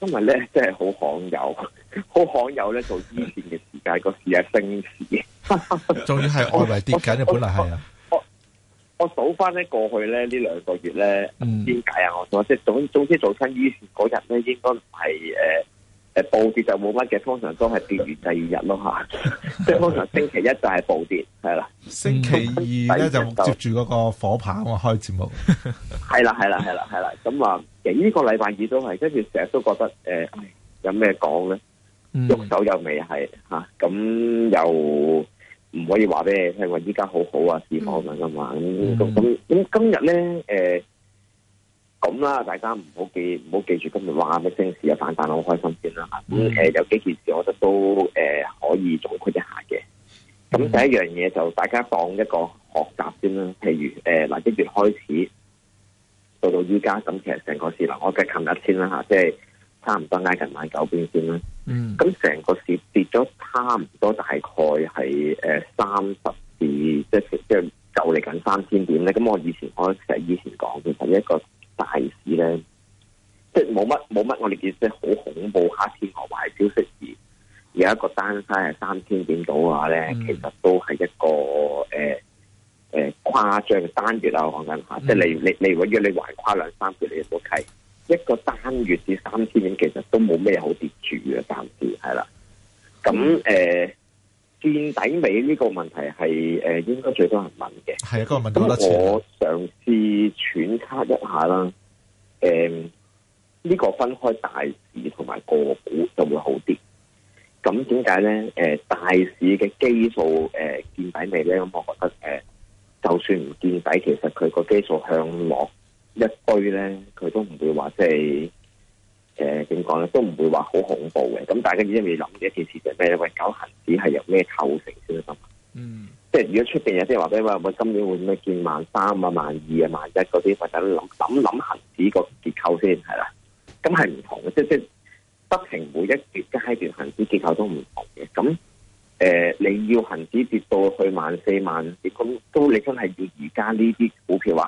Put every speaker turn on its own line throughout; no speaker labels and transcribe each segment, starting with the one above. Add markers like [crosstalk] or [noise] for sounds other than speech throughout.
今日咧真係好罕有，好罕有咧做醫線嘅 [laughs] 時間生，個市啊升市，
仲要係外圍跌緊，簡本來係。我
我數翻咧過去咧呢兩個月咧，點解啊？我即係總總之做親醫線嗰日咧，應該唔係誒。誒，暴跌就冇乜嘅，通常都係跌完第二日咯吓，即係通常星期一就係暴跌，係啦，星期二咧就接住
嗰個火棒開節目，
係啦係啦係啦係啦，咁啊，幾個禮拜二都係，跟住成日都覺得誒有咩講咧，喐手又未係吓，咁又唔可以話俾你聽，因為依家好好啊，市況啊嘛，咁咁咁今日咧誒。呃咁啦，大家唔好記唔好記住今日話咩升市啊、反彈啊好開心先啦。咁誒有幾件事，我覺得都誒、呃、可以總結一下嘅。咁第一樣嘢就大家放一個學習先啦。譬如誒嗱、呃，一月開始到到依家，咁其實成個市啦，我計近一千啦吓，即係差唔多挨近萬九邊先啦。咁、嗯、成個市跌咗差唔多大概係誒三十至，即係即係就嚟緊三千點咧。咁我以前我其實以前講嘅其實一個。大市咧，即係冇乜冇乜，我哋見即係好恐怖吓，天和壞消息而有一個單差係三千點到嘅話咧，其實都係一個誒誒誇張嘅單月、啊、我講緊吓，即係你你如果你搵咗你橫跨兩三個月你都睇一個單月至三千點，其實都冇咩好跌住嘅，暫時係啦，咁誒。嗯見底尾呢個問題係誒、呃，應該最多人問
嘅。係啊，多人問，咁我
嘗試揣測一下啦。誒、呃，呢、這個分開大市同埋個股就會好啲。咁點解咧？誒、呃，大市嘅基數誒、呃、見底尾咧，咁、嗯、我覺得誒、呃，就算唔見底，其實佢個基數向落一堆咧，佢都唔會話即係。就是誒、呃，點講咧，都唔會話好恐怖嘅。咁大家而家咪諗嘅一件事就係咩咧？喂，搞恒指係由咩構成先得？嗯、mm.，即係如果出邊有啲人話俾你話，今年會咩見萬三啊、萬二啊、萬一嗰啲，或者諗諗諗恒指個結構先係啦。咁係唔同嘅，即係即係不停每一段階段恒指結構都唔同嘅。咁誒、呃，你要恒指跌到去萬四萬五咁都你真係要而家呢啲股票啊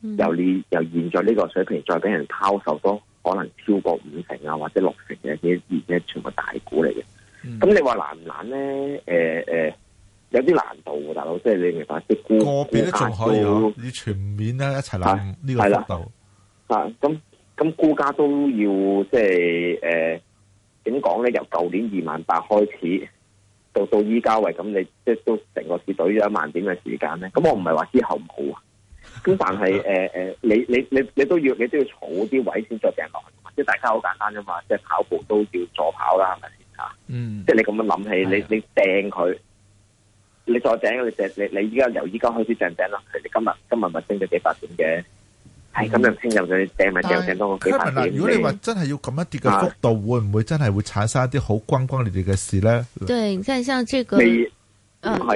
？Mm. 由你由現在呢個水平再俾人拋售多。可能超過五成啊，或者六成嘅啲而家全部大股嚟嘅，咁、嗯、你話難唔難咧？誒、呃、誒、呃，有啲難度，大佬，即係你明白即估，個別都仲可以
你全面咧一齊難呢個難
度。嚇，咁咁估價都要即係誒點講咧？由舊年二萬八開始到到依家為咁，你即係都成個市隊咗一萬點嘅時間咧。咁我唔係話之後冇啊。咁但係誒誒，你你你你都要你都要儲啲位先再掟落去，即係大家好簡單啫嘛，即係跑步都要助跑啦，係咪先吓？嗯，即係你咁樣諗起，你你掟佢，你再掟，你你你依家由依家開始掟掟啦，佢哋今日今日咪升咗幾百點嘅？係、嗯、咁、哎、就先入去掟咪掟，掟多幾百。如果你話真
係要咁一跌嘅幅度，會唔會真係會產生一啲好轟轟烈烈嘅事咧？
對，你睇下這個，係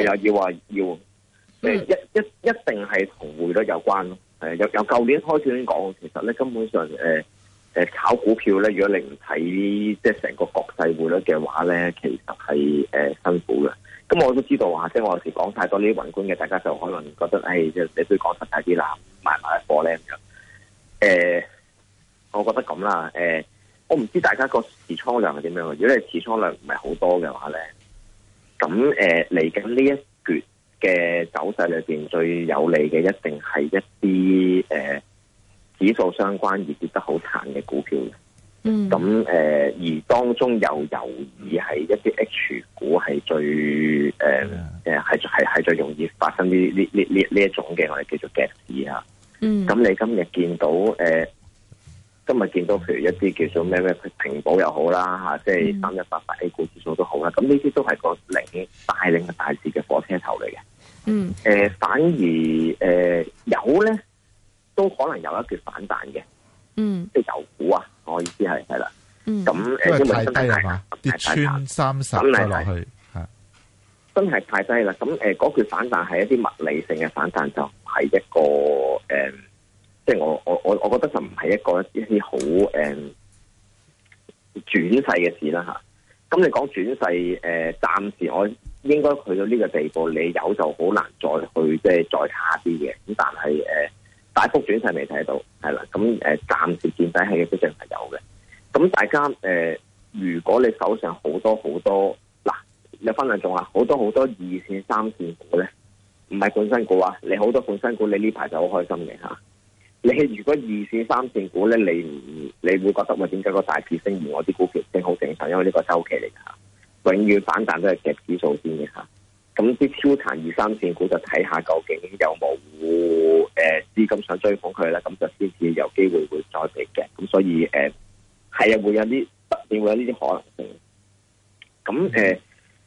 啊要話要。要即、mm-hmm. 係、嗯、一一一定係同匯率有關咯。誒，由由舊年開始已經講，其實咧根本上誒誒，炒、呃、股票咧，如果你唔睇即係成個國際匯率嘅話咧，其實係誒、呃、辛苦嘅。咁、嗯、我都知道啊，即、就、係、是、我有時講太多呢啲宏觀嘅，大家就可能覺得誒，即、欸、係你都講實際啲啦，買埋貨火咧咁樣。誒、呃，我覺得咁啦。誒、呃，我唔知大家個持倉量係點樣的。如果你持倉量唔係好多嘅話咧，咁誒嚟緊呢一。嘅走勢裏邊最有利嘅，一定係一啲誒、呃、指數相關而跌得好慘嘅股票嘅。嗯。咁誒、呃，而當中又尤以係一啲 H 股係最誒誒係係係最容易發生呢呢呢呢呢一種嘅，我哋叫做跌市。嗯。咁你今日見到誒、呃，今日見到譬如一啲叫做咩咩平保又好啦吓，即係三一八八 A 股指數好、嗯、都好啦，咁呢啲都係個領帶領大市嘅火車頭嚟嘅。嗯、呃，誒，反而誒、呃，油咧都可能有一橛反彈嘅，嗯，即係油股啊，我意思係係啦，咁、嗯嗯、因為真係太低啦，跌穿
三十落去，係
真係太低啦。咁誒，嗰橛、啊啊、反彈係一啲物理性嘅反彈，就唔係一個誒，即、呃、係、就是、我我我我覺得就唔係一個一啲好誒轉勢嘅事啦吓。咁你講轉勢誒，暫、呃、時我。應該去到呢個地步，你有就好難再去即係再差啲嘢。咁但係誒、呃，大幅轉勢未睇到，係啦。咁誒，暫、呃、時見底係有啲嘅朋友嘅。咁大家誒、呃，如果你手上好多好多嗱，有分量仲話好多好多二線、三線股咧，唔係本身股啊，你好多本身股，你呢排就好開心嘅吓。你如果二線、三線股咧，你唔你會覺得喂，我點解個大市升而我啲股票升好正常？因為呢個週期嚟噶。永遠反彈都係夾指數先嘅吓，咁啲超殘二三線股就睇下究竟有冇誒資金想追捧佢咧，咁就先至有機會會再跌嘅。咁所以誒係啊，會有啲特別會有呢啲可能性。咁誒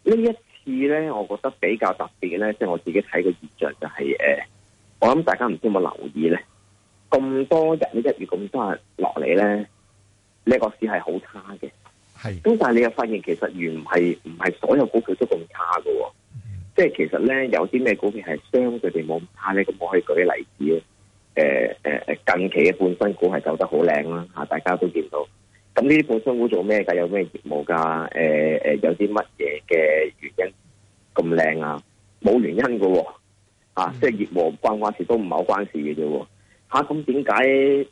呢一次咧，我覺得比較特別咧，即係我自己睇嘅現象就係誒，我諗大家唔知有冇留意咧，咁多日呢一月咁多日落嚟咧，呢個市係好差嘅。係，咁但係你又發現其實原來唔係唔係所有股票都咁差噶，mm-hmm. 即係其實咧有啲咩股票係相對地冇咁差咧，咁、啊、我可以舉例子誒誒誒，近期嘅半新股係走得好靚啦吓，大家都見到。咁呢啲半新股做咩噶？有咩業務噶？誒誒，有啲乜嘢嘅原因咁靚啊？冇原因噶，啊，啊啊哦啊 mm-hmm. 即係業務唔關關事，乖乖乖乖都唔係好關事嘅啫。吓，咁點解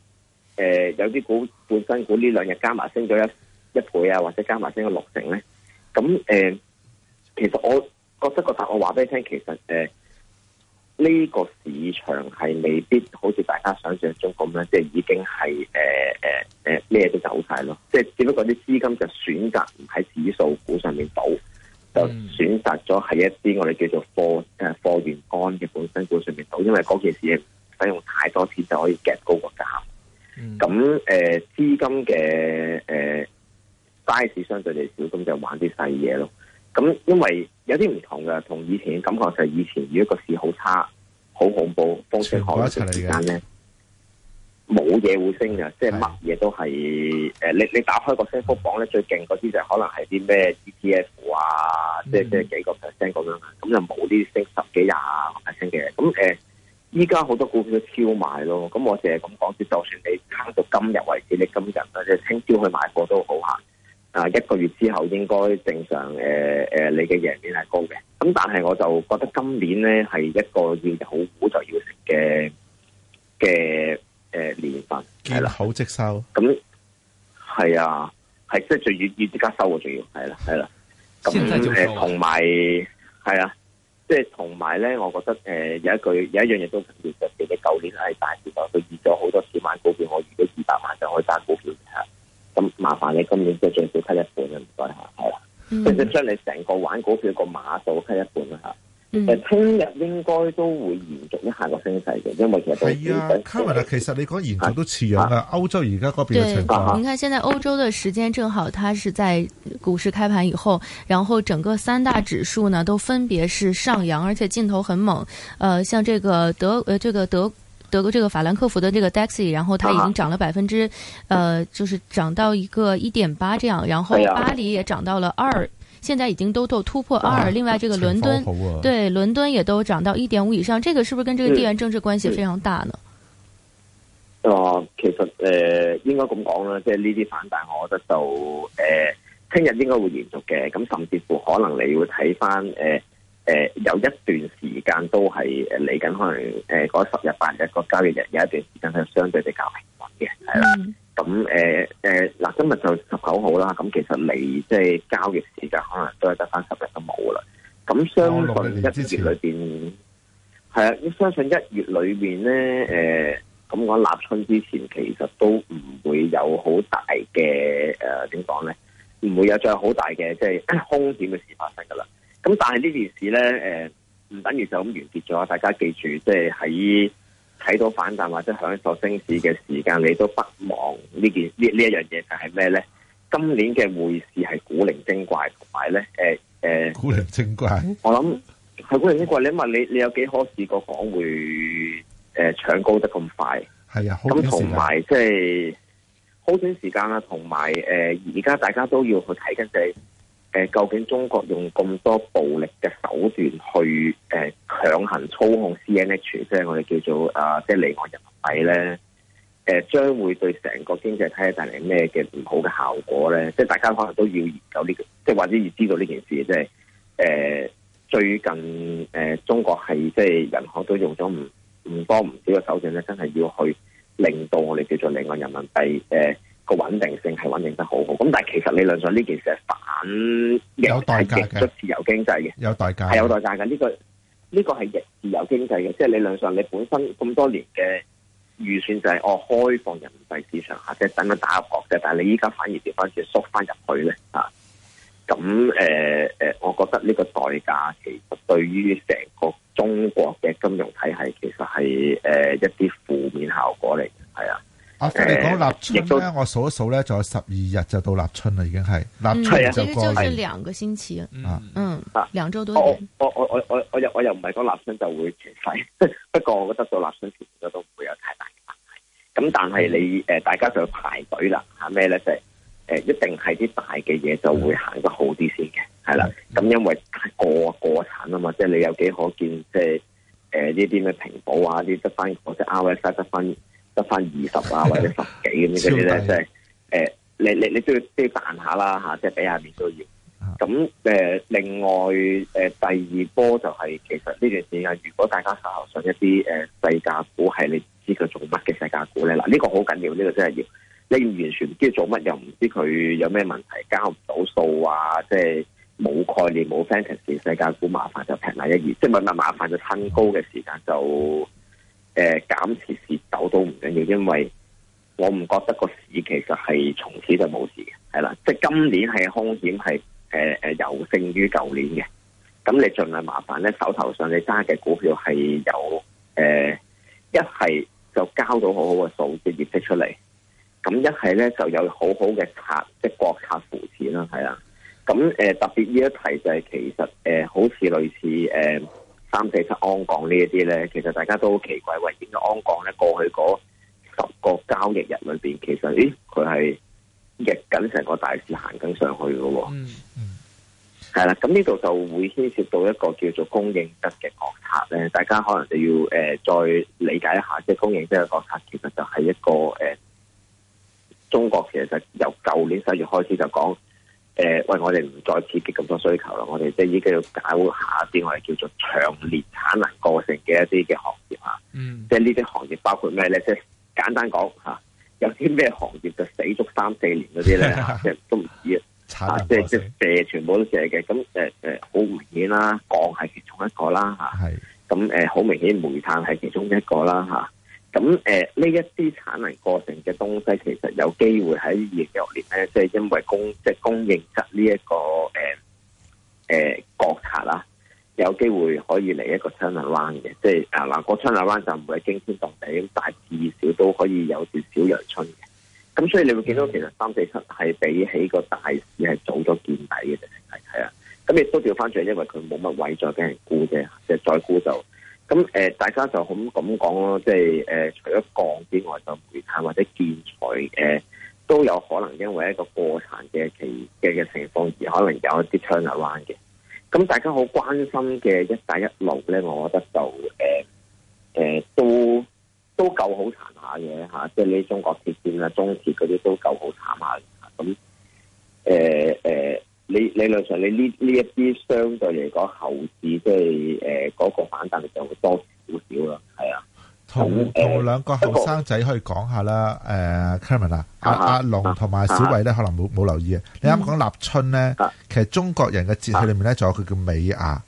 誒有啲股半新股呢兩日加埋升咗一一倍啊，或者加埋升個六成咧。咁誒、呃，其實我，我覺得個答，我話俾你聽，其實誒呢、呃這個市場係未必好似大家想象中咁樣，即係已經係誒誒誒咩都走晒咯。即係只不過啲資金就選擇唔喺指數股上面賭，嗯、就選擇咗喺一啲我哋叫做貨誒貨源乾嘅本身股上面賭，因為嗰件事使用太多錢就可以 get 高個價。咁、嗯、誒，資、呃、金嘅誒。呃 size 相對嚟少，咁就玩啲細嘢咯。咁因為有啲唔同嘅，同以前嘅感覺就係以前如果個市好差、好恐怖、風聲海嘯期間咧，冇嘢會升嘅，即係乜嘢都係誒。你、呃、你打開個升幅榜咧，最勁嗰啲就可能係啲咩 ETF 啊，嗯、即即幾個 percent 咁樣。咁就冇啲升十幾廿 percent 嘅。咁誒，依家好多股票都超賣咯。咁我淨係咁講，即就算你睇到今日為止，你今日或者聽朝去買貨都好嚇。啊！一個月之後應該正常，誒、呃、誒、呃，你嘅贏面係高嘅。咁但係我就覺得今年咧係一個要有好就要食嘅，誒年份
係啦，好積收。
咁係啊，係即係最願意即刻收嘅仲要係啦係啦。咁誒同埋係啊，即係同埋咧，我覺得誒有一句有一樣嘢都特別特別嘅，舊年係大時代，我佢預咗好多錢買股票，我預咗二百萬就可以賺股票嘅。咁麻煩你今年即係最少咳一半啦，唔該吓，係啦，即係將你成個玩股票個碼數咳一半啦吓。誒、嗯，聽日應該都會延續一下個升勢嘅，因為其
實係啊卡,其實你講延續都似樣噶。歐、啊、洲而家嗰邊嘅情況,你看現在歐洲嘅時間正好,它是在股市開盤以後,然後整個三大指數呢都分別是上揚,而且勁頭很猛。呃,像這個德呃,這個德。德國這個法蘭克福的這個 Dax，然後它已經漲了百分之，啊、呃，就是漲到一個一點八這樣，然後巴黎也漲到了二、哎，現在已經都都突破二、啊。另外這個倫敦，啊、對倫敦也都漲到一點五以上，這個是不是跟這個地緣政治關係非常大呢？呃、
其實呃應該咁講啦，即係呢啲反彈，我覺得就誒，聽、呃、日應該會延續嘅，咁甚至乎可能你會睇翻誒。呃誒、呃，有一段時間都係誒嚟緊，可能誒嗰十日八日個交易日，有一段時間係相對比較平穩嘅，係、嗯、啦。咁誒誒，嗱、呃、今日就十九號啦。咁其實嚟即係交易時間，可能都係得翻十日都冇啦。咁相信一月裏邊係啊，你相信一月裏面咧，誒、嗯，咁我、啊呃、立春之前，其實都唔會有好大嘅誒，點講咧？唔會有再好大嘅即係空險嘅事發生噶啦。咁但係呢件事咧，誒，唔等於就咁完結咗。大家記住，即係喺睇到反彈或者享受升市嘅時間，你都不忘件件呢件呢呢一樣嘢就係咩咧？今年嘅匯市係古靈精怪，同埋咧，誒、欸、誒、欸，古靈精怪。我諗係古靈精怪。你問你，你有幾可試過港匯誒搶、呃、高得咁快？
係啊，咁同
埋即係好短時間啦，同埋誒，而、呃、家大家都要去睇緊住。誒，究竟中國用咁多暴力嘅手段去誒強行操控 CNH，即係我哋叫做即係離岸人民幣咧，誒，將會對成個經濟體系帶嚟咩嘅唔好嘅效果咧？即係大家可能都要研究呢個，即係或者要知道呢件事，即係誒，最近誒，中國係即係銀行都用咗唔唔多唔少嘅手段咧，真係要去令到我哋叫做離岸人民幣誒個穩定性係穩定得好好。咁但係其實理論上呢件事係咁亦係亦都自由經濟嘅，有代價嘅，係有代價嘅。呢、嗯呢個呢、呢個係亦自由經濟嘅，即係理論上你本身咁多年嘅預算就係我開放人民幣市場，或者等佢打入國際，但係你依家反而調翻轉縮翻入去咧啊！咁誒誒，我覺得呢個代價其實對於成個中國嘅金融體系其實係誒一啲負面的效果嚟嘅，係啊。啊！你講立春咧、嗯，
我數一數咧，仲有十二日就到立春啦，已經係立春就過係。嗯，其就剩、是、兩個星期。啊，嗯，兩、
嗯、周、啊啊、多啲。我我我我我又我又唔係講立春就會走嗮， [laughs] 不過我覺得到立春前都都唔會有太大嘅問題。咁但係你誒，大家就排隊啦吓咩咧？就係、是、誒，一定係啲大嘅嘢就會行得好啲先嘅，係、嗯、啦。咁因為過過產啊嘛，即、就、係、是、你有幾可見，即係誒呢啲咩屏保啊，啲得返或者 R S I 得返。得翻二十啊，或者十幾咁呢啲咧，即係誒，你你你，你都要你都要彈下啦，吓，即係畀下面都要。咁誒、呃，另外誒、呃，第二波就係、是、其實呢段時間，如果大家考上一啲誒、呃，世界股係你唔知佢做乜嘅世界股咧，嗱、這、呢個好緊要，呢、這個真係要，你完全唔知做乜又唔知佢有咩問題，交唔到數啊，即係冇概念冇 fantasy 世界股麻煩就平下一二，即係咪麻煩就趁高嘅時間就。誒、呃，減持蝕走都唔緊要，因為我唔覺得個市其實係從此就冇事嘅，係啦，即係今年係空險係誒誒，有勝於舊年嘅。咁你盡量麻煩咧，手頭上你揸嘅股票係有誒、呃，一係就交到好好嘅數字業績出嚟，咁一係咧就有好好嘅策即、就是、國策扶持啦，係啦，咁誒，特別呢一題就係其實誒、呃，好似類似誒。呃三四七安港這些呢一啲咧，其實大家都好奇怪，喂，點解安港咧過去嗰十個交易日裏邊，其實，咦，佢係逆緊成個大市行緊上去嘅喎、哦？嗯，係、嗯、啦，咁呢度就會牽涉到一個叫做供應側嘅國策咧。大家可能就要誒、呃、再理解一下，即係供應側嘅國策其實就係一個誒、呃、中國其實由舊年十一月開始就講。誒、呃，喂！我哋唔再刺激咁多需求啦，我哋即係依家要搞一下一啲我哋叫做強烈產能過剩嘅一啲嘅行業啊，嗯，即係呢啲行業包括咩咧？即係簡單講吓、啊，有啲咩行業就死足三四年嗰啲咧， [laughs] 其實都唔止啊，即係即係射全部都射嘅，咁誒誒，好、呃、明顯啦、啊，鋼係其中一個啦、啊、吓，係，咁、啊、誒，好、呃、明顯煤炭係其中一個啦、啊、吓。咁誒呢一啲產能過剩嘅東西，其實有機會喺二零一六年咧、呃，即係因為供即係供應側呢一個誒誒、呃呃、國策啦，有機會可以嚟一個 turn around 嘅，即係啊嗱個 turn around 就唔會驚天動地，但係至少都可以有少少陽春嘅。咁所以你會見到其實三四七係比起個大市係早咗見底嘅，係係啊。咁亦都調翻轉，因為佢冇乜位再俾人沽啫，即係再沽就。咁誒、呃，大家就好咁講咯，即係誒、呃，除咗鋼之外，就煤炭或者建材誒，都有可能因為一個過產嘅期嘅嘅情況而可能有一啲槍頭彎嘅。咁大家好關心嘅一帶一路咧，我覺得就誒誒、呃呃、都都夠好殘下嘅嚇、啊，即係呢中國鐵建啊、中鐵嗰啲都夠好殘下咁誒誒。啊呃呃你理論上，你呢呢一啲相對嚟講後市，即係誒嗰個反彈力
就會多少少啦。係、嗯、啊，同誒兩個後生仔可以講下啦。誒 Carmen 啊，阿阿龍同埋小偉咧，可能冇冇留意啊、嗯。你啱講立春咧、啊，其實中國人嘅節氣裏面咧，仲有佢叫尾牙。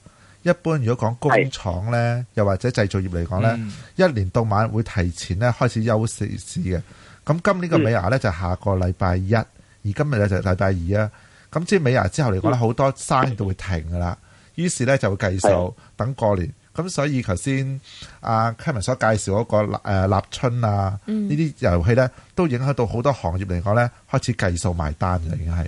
一般如果講工廠咧，又或者製造業嚟講咧，一年到晚會提前咧開始休息市嘅。咁今呢個尾牙咧就下個禮拜一，嗯、而今日咧就禮拜二啊。咁即係尾牙之後嚟講咧，好多生意都會停噶啦、嗯。於是咧就會計數，等過年。咁所以頭先阿 Kevin 所介紹嗰個立春啊，呢、嗯、啲遊戲咧都影響到好多行業嚟講咧，開始計數
埋單啦，已經係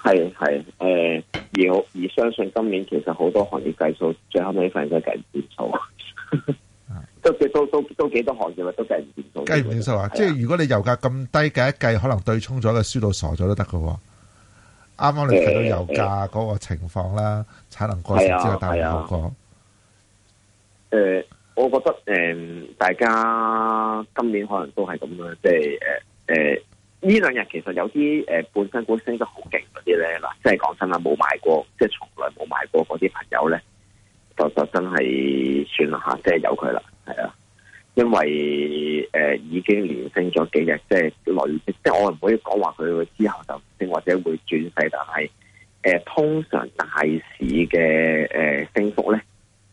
係係誒。而而相信今年其實好多行業計數，最後尾份
應該計唔掂數。都幾多都都幾多行業都計唔掂數、啊。計唔掂數啊？即係如果你油價咁低計一計，可能對沖咗嘅輸到傻咗都得嘅喎。啱啱你睇到油價嗰個情況啦、欸，
產能過剩之後帶來嘅後果誒，我覺得誒、呃，大家今年可能都係咁樣即係誒誒，呢、就是呃呃、兩日其實有啲誒、呃、本身本升得好勁嗰啲咧，嗱、就是，即係講真啦，冇買過，即、就、係、是、從來冇買過嗰啲朋友咧，就真就真係算啦吓，即係由佢啦，係啊。因為誒、呃、已經連升咗幾日，即係累積，即係我唔可以講話佢之後就唔升或者會轉勢，但係誒、呃、通常大市嘅，誒、呃、升幅咧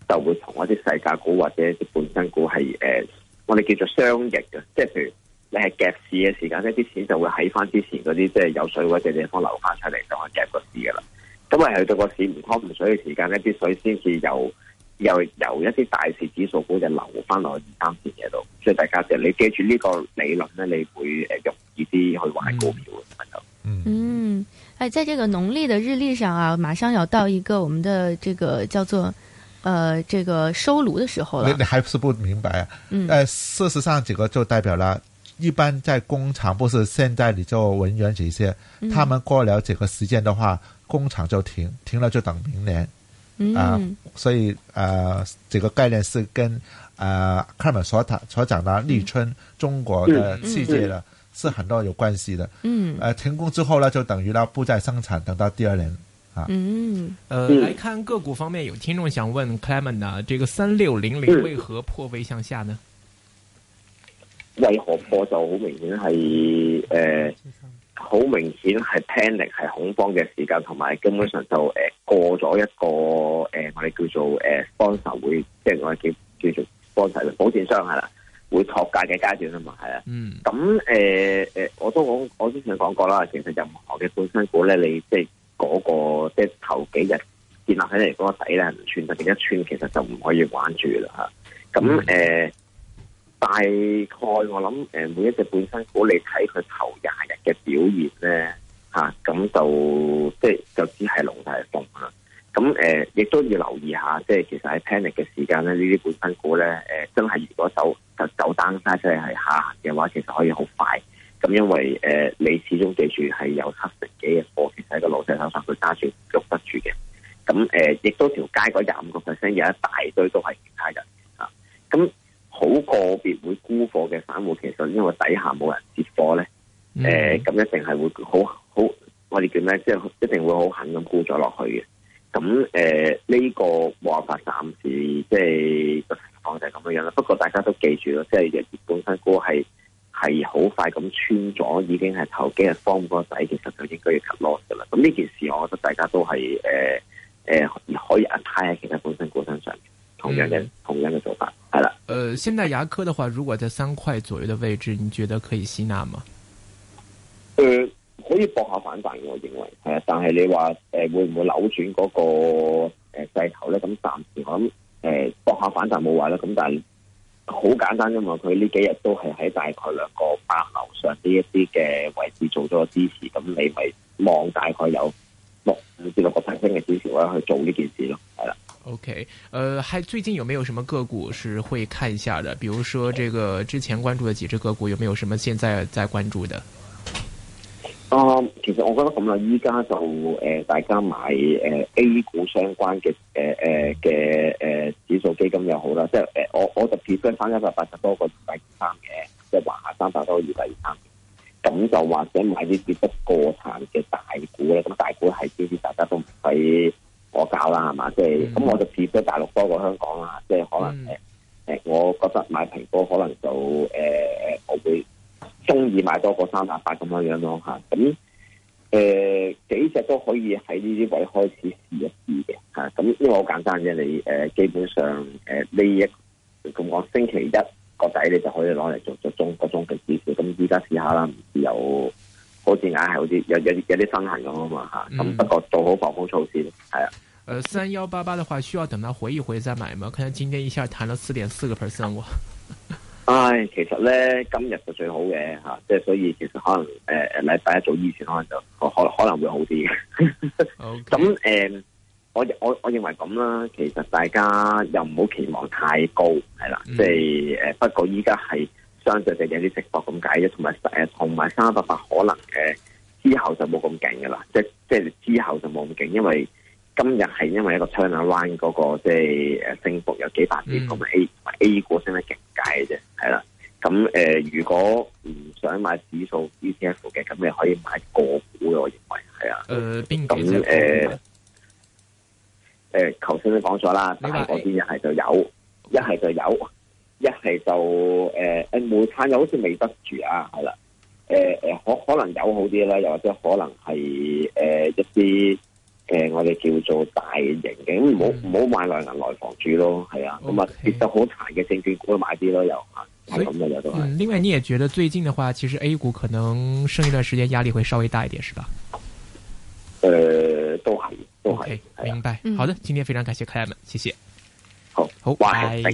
就會同一啲世界股或者啲本身股係誒、呃、我哋叫做雙逆嘅，即係譬如你係夾市嘅時間呢啲錢就會喺翻之前嗰啲即係有水位嘅地方流翻出嚟，就去夾個市噶啦。咁啊，去到個市唔湯唔水嘅時間咧，啲水先至有。又由，由一啲大市指數股就流翻落去二三線嘢度，所以大家就你記住呢個理論咧，你會誒容易啲去玩股票
咯。嗯，誒、嗯哎，在這個農曆的日曆上啊，馬上要到一個我們的這個叫做，呃這個收爐的時候了。了你，你還是不明白啊？誒、嗯哎，事實上，這個就代表了一般在工廠，不是現在你做文員這些，嗯，他們過了這個時間的話，工廠就停，停了就等明年。嗯、啊，所以啊、呃，這個概念是跟啊 Clement 所談所講的立春、嗯、中國的季節的，是很多有關係的。嗯，呃成功之後呢，就等於呢，不再生產，等到第二年。啊，嗯，呃嗯來
看個股方面，有聽眾想問 Clement、啊、這個三六零零為何破位向下呢？嗯、
為何破就，好明顯係誒。呃好明顯係 panic，係恐慌嘅時間，同埋根本上就誒過咗一個誒我哋叫做誒 sponsor 會，即係我哋叫叫做 sponsor，保險商係啦，會托價嘅階段啦嘛，係啊，咁誒誒，我都我我之前講過啦，其實任何嘅本身股咧，你即係嗰個即係頭幾日建立起嚟嗰個底咧，唔穿得嘅一穿，其實就唔可以玩住啦吓，咁誒，嗯呃大概我諗，誒，每一隻本身股你睇佢頭廿日嘅表現咧，吓、啊、咁就即係就只係龍就係鳳啦。咁誒，亦、呃、都要留意下，即係其實喺 panic 嘅時間咧，呢啲本身股咧，誒、呃，真係如果走，走就走 down 晒出嚟，係下行嘅話，其實可以好快。咁因為誒、呃，你始終記住係有七成幾嘅貨，其實喺個老細手上佢揸住喐得住嘅。咁誒，亦、呃、都條街嗰廿五個 percent 有一大堆都係其他人。好個別會沽貨嘅散戶，其實因為底下冇人接貨咧，誒、嗯、咁、呃、一定係會好好，我哋叫咩，即係一定會好狠咁沽咗落去嘅。咁誒呢個冇辦法暫，暫時即係個情況就係、是、咁、就是、樣啦。不過大家都記住咯，即、就、係、是、本身股係係好快咁穿咗，已經係頭幾日方嗰仔，其實就應該要 cut loss 噶啦。咁、嗯、呢件事，我覺得大家都係誒誒可以押胎喺其他本身股身上。同樣嘅、嗯，同樣嘅做法係
啦。誒，現代牙科嘅話，如果在三塊左右嘅位置，你覺得可以吸納嗎？
誒，可以博下反彈，我認為係啊，但係你話，誒會唔會扭轉嗰個誒勢頭咧？咁暫時我諗，誒博下反彈冇話咧，咁但係好簡單啫嘛，佢呢幾日都係喺大概兩個八樓上呢一啲嘅位置做咗支持，咁你咪望大概有六五至六個 percent 嘅支持咧去做呢件事咯，係
啦。OK，誒、呃，最近有沒有什麼個股是會看一下的？比如說這個之前關注的幾隻個股，有沒有什麼現在在關注的？
啊、嗯，其實我覺得咁啦，依家就誒、呃，大家買誒 A 股相關嘅誒誒嘅誒指數基金又好啦，即係誒我我就 prefer 翻一百八十多個二百二三嘅，即係話三百多二百三，咁就或者買啲比不過行嘅大股咧，咁大股係呢啲大家都唔使。我搞啦，係嘛，即係咁，mm. 我就 prefer 大陸多過香港啦，即係可能誒誒、mm. 呃，我覺得買蘋果可能就誒、呃，我會中意買多過三百八咁樣樣咯吓，咁、啊、誒、呃、幾隻都可以喺呢啲位開始試一試嘅吓，咁呢個好簡單嘅，你誒、呃、基本上誒呢、呃、一咁我星期一個仔你就可以攞嚟做做中個中嘅指數，咁而家試下啦，唔知有。好似硬係好似有有有啲生痕咁啊嘛嚇，咁不過做好防風措施，係啊。
誒三幺八八嘅話，需要等到回一回再買嘛。睇下今天一下彈到四點四個 percent 喎。
唉、哎，其實咧今日就最好嘅嚇，即、啊、係所以其實可能誒誒禮拜一早以前可能就可能可能會好啲。好、 [laughs] okay.。咁、呃、誒，我我我認為咁啦，其實大家又唔好期望太高，係啦，即係誒不過依家係。相對地有啲直播咁解啫，同埋誒，同埋三百八可能誒之後就冇咁勁噶啦，即即係之後就冇咁勁，因為今日係因為一個 turnaround 嗰、嗰個即係誒升幅有幾百點，咁 A A 股升得勁解嘅啫，係啦。咁誒、呃，如果唔想買指數 ETF 嘅，咁你可以買個股，我認為係啊。誒，邊幾誒，誒，頭先都講咗啦，但係嗰一係就有，一係就有。一係就誒誒煤炭，又好似未得住啊，係啦，誒、呃、誒可可能有好啲啦，又或者可能係誒、呃、一啲誒、呃、我哋叫做大型嘅，唔好唔好買內銀內房住咯，係啊，咁啊跌得好殘嘅證券股去買啲咯又吓，所以
嗯，另外你也覺得最近嘅話，其實 A 股可能剩一段時間壓力會稍微大一點，是吧？誒、
呃，都係都係、okay,
啊，明白、嗯。好的，今天非常感謝 Clement 們，謝謝。好，好，拜，拜。